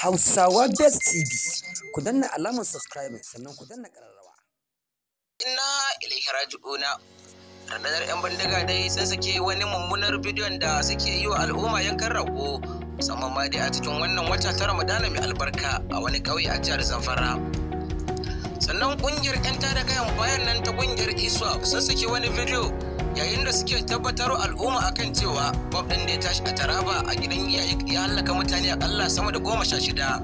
Hausawa Best TV, ku danna alamar subscribe sannan ku danna ƙararrawa. Inna ilaihi raji'una. Ranar 'yan bindiga dai sun sake wani mummunar bidiyon da suke yi wa al'umma yankan rago musamman ma dai a cikin wannan wata ta Ramadana mai albarka a wani ƙauye a jihar Zamfara. Sannan ƙungiyar 'yan tada kayan bayan nan ta ƙungiyar Iswa e sun saki wani bidiyo yayin da suke tabbatar al'umma akan cewa bom din da ya tashi a taraba a gidan yayi ya halaka mutane a kalla sama da goma sha shida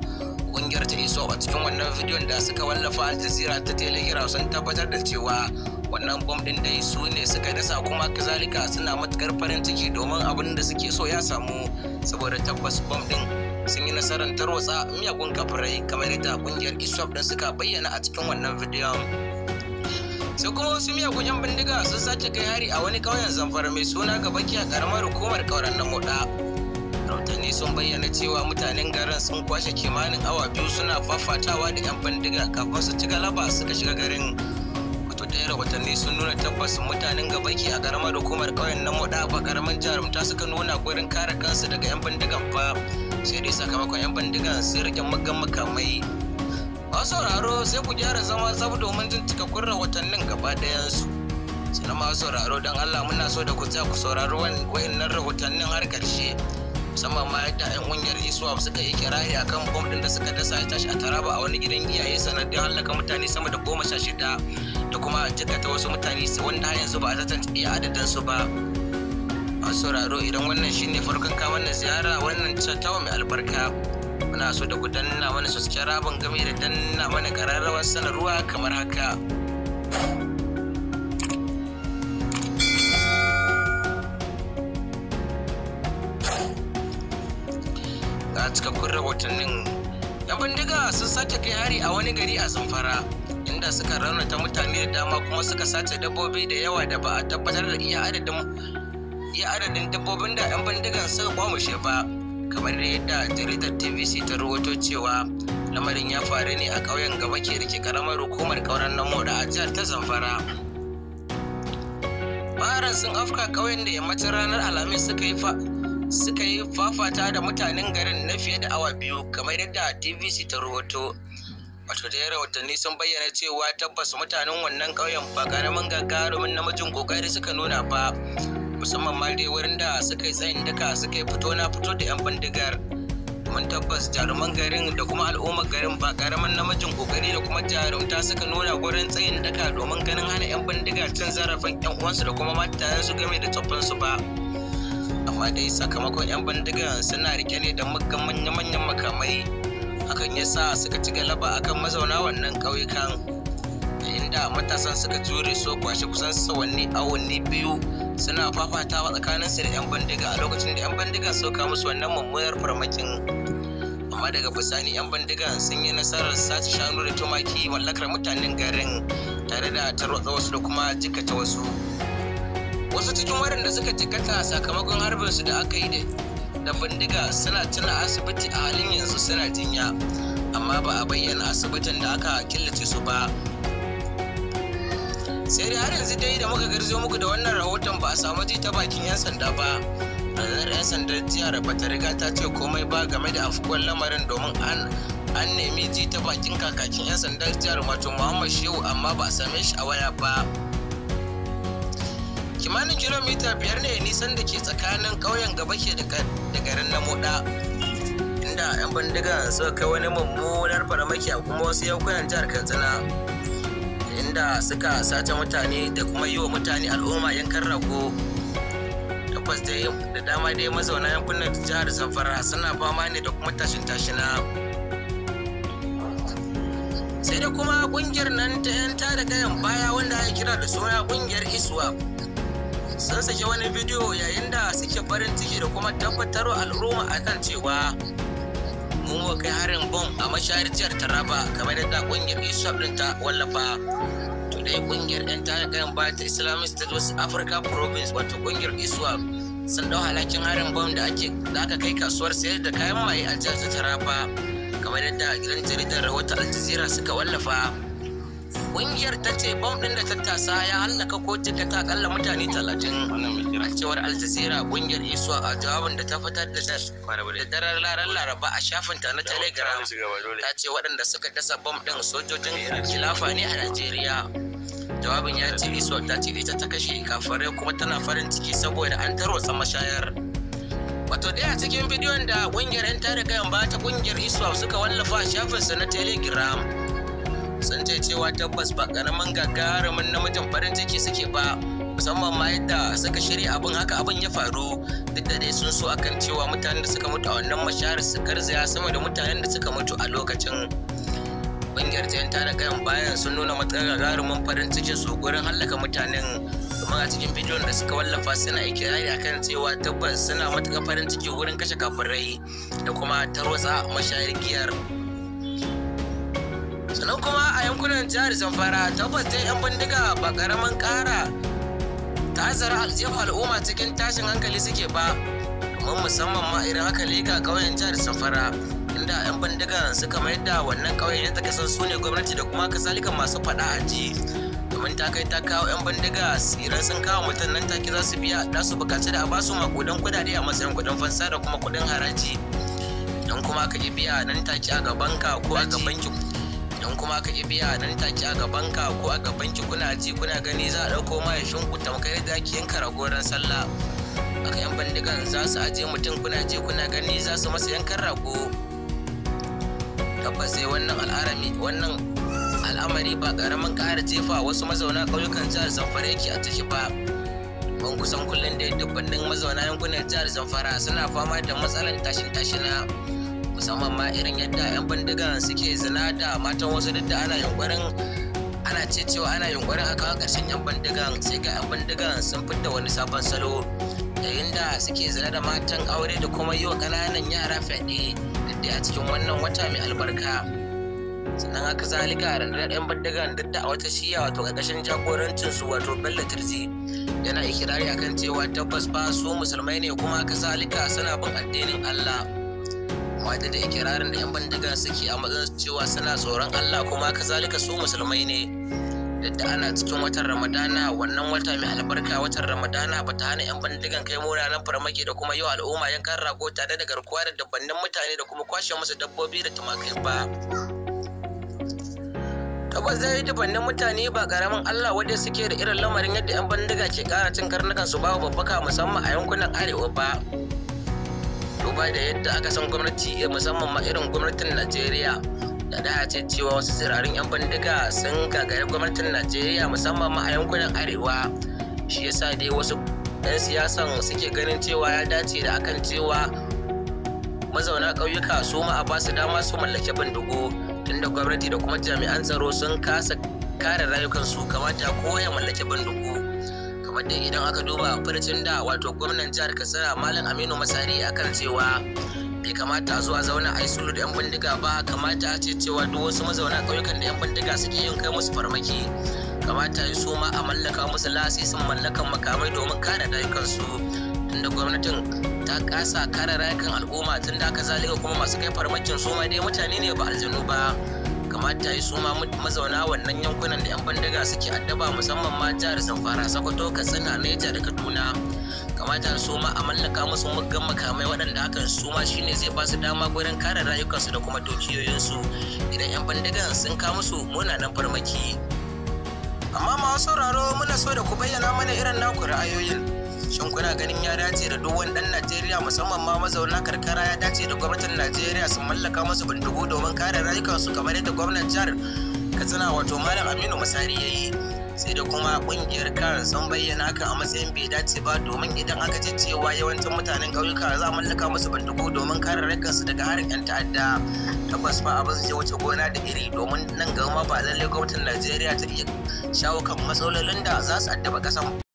kungiyar ta iso a cikin wannan bidiyon da suka wallafa al jazeera ta telegram sun tabbatar da cewa wannan bom din dai su ne suka dasa kuma kazalika suna matukar farin ciki domin abin da suke so ya samu saboda tabbas bom ɗin sun yi nasarar tarwatsa miyagun kafirai kamar yadda kungiyar iso din suka bayyana a cikin wannan bidiyon sai kuma wasu miyagun yan bindiga sun sace kai hari a wani ƙauyen zamfara mai suna gabaki a karamar hukumar kauran na moda rahotanni sun bayyana cewa mutanen garin sun kwashe kimanin awa biyu suna fafatawa da yan bindiga kafin su ci galaba suka shiga garin wato ɗaya rahotanni sun nuna tabbas mutanen gabaki a karamar hukumar ƙauyen na moda ba karamin jarumta suka nuna gurin kare kansu daga yan bindigan ba sai dai sakamakon yan bindigan sun rike magan makamai ba sauraro sai ku gyara zama sabu domin jin cikakkun rahotannin gaba ɗayansu sannan ma sauraro don allah muna so da ku tsaya ku sauraro waannan rahotannin har ƙarshe musamman ma yadda 'yan kungiyar iswap suka yi kirayi a kan bom ɗin da suka dasa ya tashi a taraba a wani gidan iyaye sanadin hallaka mutane sama da goma sha shida da kuma jikata wasu mutane wanda har yanzu ba a tantance iya adadin su ba masu sauraro idan wannan shine farkon ka na ziyara wannan ta mai albarka muna so da ku danna mana subscribe game da danna mana kararrawar sanarwa kamar haka ga cikakkun rahotannin yan bindiga sun sace kai hari a wani gari a zamfara inda suka raunata mutane da dama kuma suka sace dabbobi da yawa da ba a tabbatar da iya adadin dabbobin da 'yan bindigan suka kwamushe ba kamar yadda jaridar tvc ta rubuto cewa lamarin ya faru ne a ƙauyen gaba ke da ke karamar hukumar ƙauren na moda a jihar ta zamfara maharan sun afka ƙauyen da yammacin ranar alhamis suka yi suka yi fafata da mutanen garin na fiye da awa biyu kamar yadda tvc ta rahoto wato da watanni sun bayyana cewa tabbas mutanen wannan ƙauyen ba ƙaramin gagarumin namijin kokari suka nuna ba musamman ma dai wurin da suka yi tsayin daka suka yi fito na fito da 'yan bindigar mun tabbas jaruman garin da kuma al'ummar garin ba karamin namijin kokari da kuma jarumta suka nuna gurin tsayin daka domin ganin hana 'yan bindiga cin zarafin 'yan uwansu da kuma matayen su game da tsoffinsu ba amma dai sakamakon 'yan bindiga suna rike ne da muggan manya-manyan makamai hakan ya sa suka ci galaba akan mazauna wannan ƙauyukan inda matasan suka jure so kwashe kusan sawanni awanni biyu suna fafatawa tsakaninsu da 'yan bandiga a lokacin da 'yan bandiga suka musu wannan mummunar farmakin amma daga bisani 'yan bandiga sun yi nasarar sace shanu da tumaki mallakar mutanen garin tare da tarwatsa wasu da kuma jikata wasu wasu cikin waɗanda suka jikata sakamakon harbin su da aka yi da bindiga suna tuna asibiti a halin yanzu suna jinya amma ba a bayyana asibitin da aka killace su ba sai dai har yanzu dai da muka garzo muku da wannan rahoton ba a samu ji ta bakin 'yan sanda ba ranar 'yan sandar jihar Raba ta riga ta ce komai ba game da afkuwar lamarin domin an an nemi ji ta bakin kakakin 'yan sandar jihar wato muhammad shehu amma ba a same shi a waya ba kimanin kilomita biyar ne nisan da ke tsakanin ƙauyen gaba ke da garin na moda inda 'yan bindiga suka kai wani mummunar faramaki a kuma wasu yankunan jihar katsina inda suka sace mutane da kuma yi wa mutane al'umma yankan rago tabbas dai da dama dai mazauna yankunan jihar zamfara suna fama ne da kuma tashin tashina sai da kuma kungiyar nan ta 'yan da gayan baya wanda ake kira da suna kungiyar iswa sun saki wani bidiyo yayin da suke farin ciki da kuma tabbatarwa al'umma akan cewa tuhumar kai harin bom a mashayar jihar Taraba kamar ta kungiyar isuwa din ta wallafa. To dai kungiyar 'yan tayan ba ta Islamic State West Africa Province wato kungiyar isuwa sun dau halakin harin bom da ake da aka kai kasuwar sayar da kayan maye a jihar Taraba kamar yadda gidan jaridar rahoton aljazeera suka wallafa. Ƙungiyar ta ce bom ɗin da tattasa ya hallaka ko ta akalla mutane talatin. A cewar Al Jazeera ƙungiyar Isuwa a jawabin da ta fitar da daren laran Laraba a shafinta na Telegram ta ce waɗanda suka dasa bom ɗin sojojin kilafa ne a Najeriya. jawabin ya ce isuwa ta ce ita ta kashe kafarai kuma tana farin ciki saboda an tarwatsa mashayar wato ɗaya cikin bidiyon da ƙungiyar 'yan tare kayan ba ta ƙungiyar isuwa suka wallafa a shafinsa na telegram sun ce cewa tabbas ba karamin gagarumin namijin farin ciki suke ba musamman ma yadda suka shirya abin haka abin ya faru duk da dai sun so akan cewa mutanen da suka mutu a wannan mashahar su garzaya sama da mutanen da suka mutu a lokacin ƙungiyar ta yanta da kayan bayan sun nuna matsayin gagarumin farin cikin su gurin hallaka mutanen kuma a cikin bidiyon da suka wallafa suna ikirari akan cewa tabbas suna matuƙar farin ciki wurin kashe kafirai da kuma tarwatsa mashayar giyar sannan kuma a yankunan jihar zamfara tabbas dai yan bindiga ba karaman kara zara aljihu al'umma cikin tashin hankali suke ba domin musamman ma irin haka leka ƙauyen jihar zamfara inda 'yan bindiga suka mayar da wannan ƙauye da ta son su ne gwamnati da kuma kasalika masu faɗa a ji domin ta kai ta kawo 'yan bindiga idan sun kawo mutum nan take za su biya da su bukaci da a basu makudan kudade a matsayin kudin fansa da kuma kudin haraji kuma aka ki biya nan take a gaban ka ko a gaban ki in kuma aka ƙi biya nan take a gaban ka ko a gaban ki kuna ji kuna gani za a ɗauko ya ku tamkar yadda ake yanka ragoran sallah aka yan bandigan za su aje mutum kuna ji kuna gani za su masa yankan rago tabbas sai wannan al'arami wannan al'amari ba karamin ƙara jefa wasu mazauna ƙauyukan jihar zamfara yake a ciki ba ban kusan kullum da dubbannin mazauna yankunan jihar zamfara suna fama da matsalar tashin tashina musamman ma irin yadda 'yan bindigan suke zina da matan wasu duk da ana yunkurin ana ce cewa ana yunkurin a kawo ƙarshen 'yan bindigan sai ga 'yan bindigan sun fidda wani sabon salo yayin da suke zina da matan aure da kuma yi wa ƙananan yara fyaɗe duk a cikin wannan wata mai albarka sannan haka zalika rundunar 'yan bindigan duk da a wata shiya wato ƙarƙashin jagorancin su wato bello turzi yana ikirari akan cewa tabbas ba su musulmai ne kuma haka zalika suna bin addinin allah wadda da ikirarin da 'yan bandiga suke a matsayin cewa suna tsoron Allah kuma kazalika su musulmai ne da ana cikin watan ramadana wannan wata mai albarka watan ramadana ba ta hana 'yan bandigan kai munanan farmaki da kuma yau al'umma yankan rago tare da garkuwa da dabbannin mutane da kuma kwashe musu dabbobi da tumakai ba tabbas zai dabbannin mutane ba karamin Allah wanda suke da irin lamarin yadda 'yan bandiga ke kara cin karnukan su babu babbaka musamman a yankunan arewa ba duba da yadda aka san gwamnati eh, musamman ma irin gwamnatin najeriya da da ce cewa wasu tsirarin 'yan bindiga sun gagari gwamnatin najeriya musamman ma a yankunan arewa shi yasa dai wasu 'yan siyasan suke ganin cewa ya dace da akan cewa mazauna ƙauyuka su ma a basu dama su mallaki bindigo tunda gwamnati da kuma jami'an tsaro sun kasa kare su kamata ko ya mallake bindigo kamar dai idan aka duba farcin da wato gwamnan jihar katsina malam aminu masari akan cewa bai kamata a zo a zauna a sulhu da 'yan bindiga ba kamata a ce cewa duk wasu mazauna ƙauyukan da 'yan bindiga suke yin kai musu farmaki kamata ya su ma a mallaka musu lasisin mallakan makamai domin kare rayukansu tunda gwamnatin ta kasa kare rayukan al'umma tun da aka zalika kuma masu kai farmakin su ma dai mutane ne ba aljanu ba kamata ya suma mazauna wannan yankunan da 'yan bandaga suke addaba musamman ma jihar zamfara sokoto katsina neja da kaduna kamata su ma a mallaka musu muggan makamai waɗanda hakan su ma shine zai ba su dama gurin kare rayukansu da kuma dukiyoyinsu idan 'yan bandagan sun kawo musu munanan farmaki amma masu sauraro muna so da ku bayyana mana irin naku ra'ayoyin shin kuna ganin ya dace da duk wani dan najeriya musamman ma mazauna karkara ya dace da gwamnatin najeriya su mallaka masu bindigu domin kare rayukansu kamar yadda gwamnan jihar katsina wato malam aminu musari ya yi sai da kuma kungiyar kan sun bayyana haka a matsayin bai dace ba domin idan aka ji cewa yawancin mutanen ƙauyuka za a mallaka musu bindigu domin kare rakansu daga harin 'yan ta'adda tabbas ba abin zai wuce gona da iri domin nan gaba ba lallai gwamnatin najeriya ta iya shawo kan matsalolin da za su addaba kasan.